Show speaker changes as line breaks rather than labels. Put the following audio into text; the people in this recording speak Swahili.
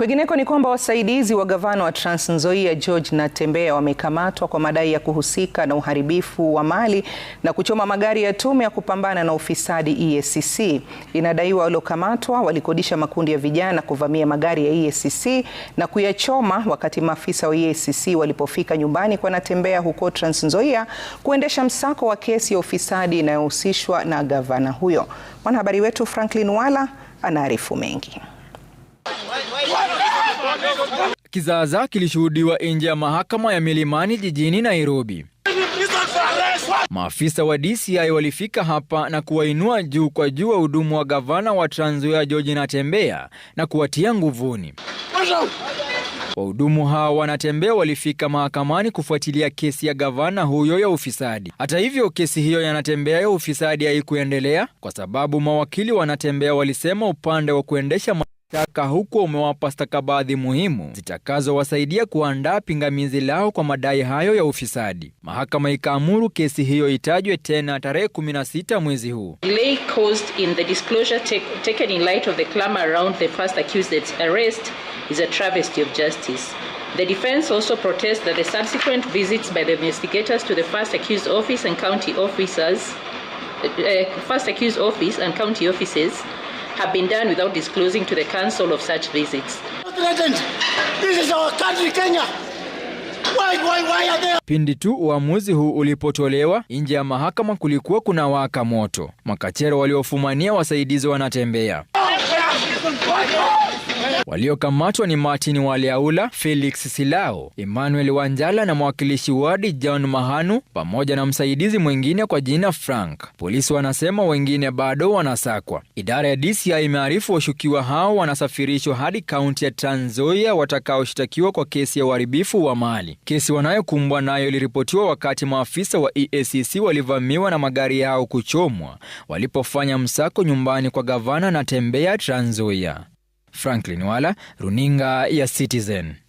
Kwingineko ni kwamba wasaidizi wa gavana wa Trans Nzoia George Natembeya wamekamatwa kwa madai ya kuhusika na uharibifu wa mali na kuchoma magari ya tume ya kupambana na ufisadi EACC. Inadaiwa waliokamatwa walikodisha makundi ya vijana kuvamia magari ya EACC na kuyachoma wakati maafisa wa EACC walipofika nyumbani kwa Natembeya huko Trans Nzoia kuendesha msako wa kesi ya ufisadi inayohusishwa na gavana huyo. Mwanahabari wetu Franklin Wala anaarifu mengi kizaaza kilishuhudiwa nje ya mahakama ya Milimani jijini Nairobi. Maafisa wa DCI walifika hapa na kuwainua juu kwa juu wahudumu wa gavana wa Trans Nzoia George Natembeya na kuwatia nguvuni. Wahudumu hawa wa Natembeya walifika mahakamani kufuatilia kesi ya gavana huyo ya ufisadi. Hata hivyo, kesi hiyo ya Natembeya ya ufisadi haikuendelea kwa sababu mawakili wa Natembeya walisema upande wa kuendesha taka huko umewapa stakabadhi muhimu zitakazowasaidia kuandaa pingamizi lao kwa madai hayo ya ufisadi. Mahakama ikaamuru kesi hiyo itajwe tena tarehe 16 mwezi huu.
Delay caused in the disclosure taken in light of the clamor around the first accused's arrest is a travesty of justice. The defense also protests that the subsequent visits by the investigators to the first accused office and county officers, uh, first accused office and county offices have been done without disclosing to the council of such visits. This is our country,
Kenya. Why, why, why are they... pindi tu uamuzi huu ulipotolewa nje ya mahakama kulikuwa kuna waka moto. Makachero waliofumania wasaidizi wanatembea oh, Waliokamatwa ni Martin Waleaula, Felix Silao, Emmanuel Wanjala na mwakilishi wadi John Mahanu pamoja na msaidizi mwingine kwa jina Frank. Polisi wanasema wengine bado wanasakwa. Idara ya DCI imearifu washukiwa hao wanasafirishwa hadi kaunti ya Trans Nzoia watakaoshtakiwa kwa kesi ya uharibifu wa mali. Kesi wanayokumbwa nayo iliripotiwa wakati maafisa wa EACC walivamiwa na magari yao kuchomwa walipofanya msako nyumbani kwa gavana na Trans Nzoia. Franklin Wala, runinga ya Citizen.